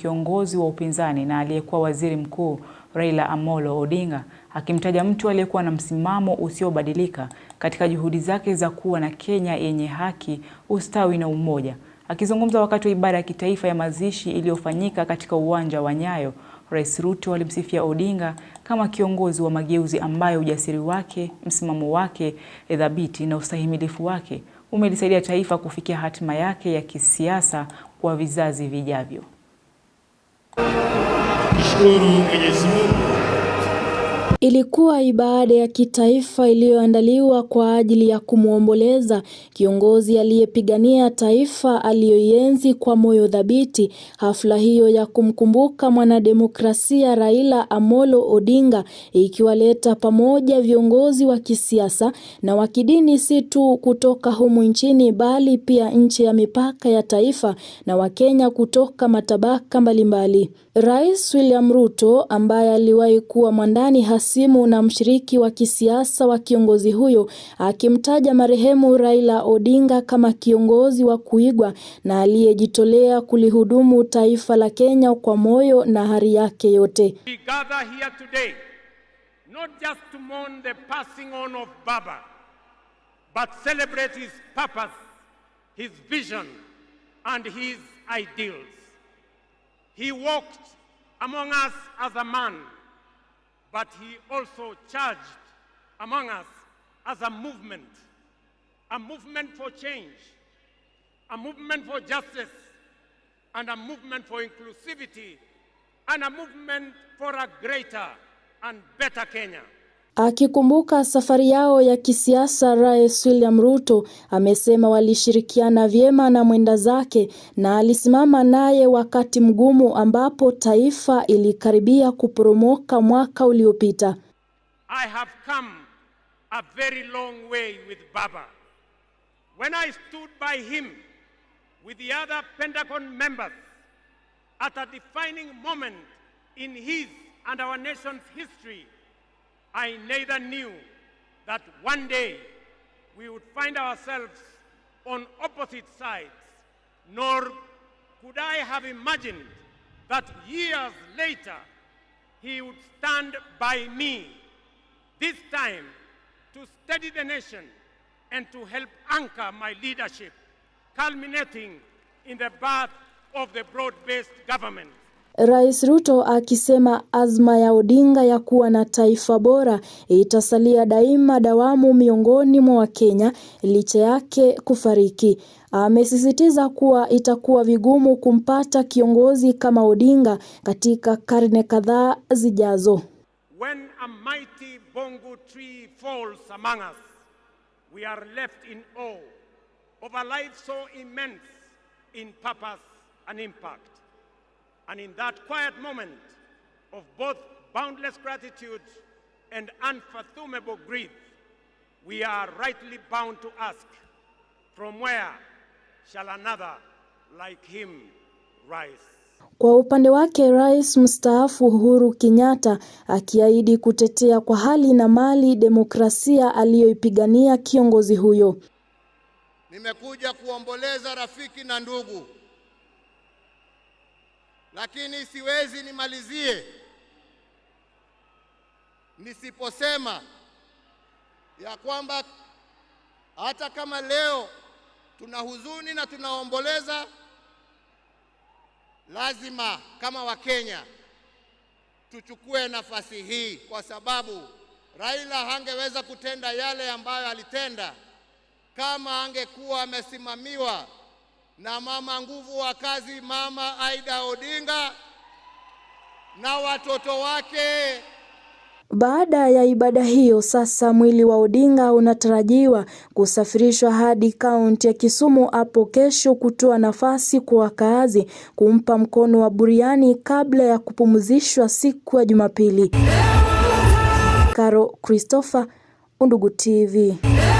kiongozi wa upinzani na aliyekuwa waziri mkuu Raila Amolo Odinga akimtaja mtu aliyekuwa na msimamo usiobadilika katika juhudi zake za kuwa na Kenya yenye haki, ustawi na umoja. Akizungumza wakati wa ibada ya kitaifa ya mazishi iliyofanyika katika uwanja wa Nyayo, Rais Ruto alimsifia Odinga kama kiongozi wa mageuzi ambaye ujasiri wake, msimamo wake thabiti na ustahimilifu wake umelisaidia taifa kufikia hatima yake ya kisiasa kwa vizazi vijavyo. Шкуру мені смутку. Ilikuwa ibada ya kitaifa iliyoandaliwa kwa ajili ya kumwomboleza kiongozi aliyepigania taifa aliyoienzi kwa moyo dhabiti. Hafla hiyo ya kumkumbuka mwanademokrasia Raila Amolo Odinga ikiwaleta pamoja viongozi wa kisiasa na wa kidini si tu kutoka humu nchini bali pia nje ya mipaka ya taifa na Wakenya kutoka matabaka mbalimbali. Rais William Ruto ambaye aliwahi kuwa mwandani hasa simu na mshiriki wa kisiasa wa kiongozi huyo akimtaja marehemu Raila Odinga kama kiongozi wa kuigwa na aliyejitolea kulihudumu taifa la Kenya kwa moyo na hari yake yote. He walked among us as a man but he also charged among us as a movement, a movement for change, a movement for justice, and a movement for inclusivity, and a movement for a greater and better Kenya. Akikumbuka safari yao ya kisiasa Rais William Ruto amesema walishirikiana vyema na mwenda zake na alisimama naye wakati mgumu ambapo taifa ilikaribia kuporomoka mwaka uliopita. I have come a very long way with Baba. When I stood by him with the other Pentagon members at a defining moment in his and our nation's history I neither knew that one day we would find ourselves on opposite sides, nor could I have imagined that years later he would stand by me, this time to steady the nation and to help anchor my leadership, culminating in the birth of the broad-based government. Rais Ruto akisema azma ya Odinga ya kuwa na taifa bora itasalia daima dawamu miongoni mwa Wakenya licha yake kufariki. Amesisitiza kuwa itakuwa vigumu kumpata kiongozi kama Odinga katika karne kadhaa zijazo. When a mighty bongo tree falls among us, we are left in awe of a life so immense in purpose and impact. And in that quiet moment of both boundless gratitude and unfathomable grief, we are rightly bound to ask, from where shall another like him rise? Kwa upande wake Rais mstaafu Uhuru Kenyatta akiahidi kutetea kwa hali na mali demokrasia aliyoipigania kiongozi huyo. Nimekuja kuomboleza rafiki na ndugu lakini siwezi nimalizie nisiposema ya kwamba hata kama leo tuna huzuni na tunaomboleza, lazima kama Wakenya tuchukue nafasi hii, kwa sababu Raila hangeweza kutenda yale ambayo alitenda kama angekuwa amesimamiwa na mama nguvu wa kazi, mama Aida Odinga na watoto wake. Baada ya ibada hiyo, sasa mwili wa Odinga unatarajiwa kusafirishwa hadi kaunti ya Kisumu hapo kesho, kutoa nafasi kwa wakaazi kumpa mkono wa buriani kabla ya kupumzishwa siku ya Jumapili. karo Christopher, Undugu TV.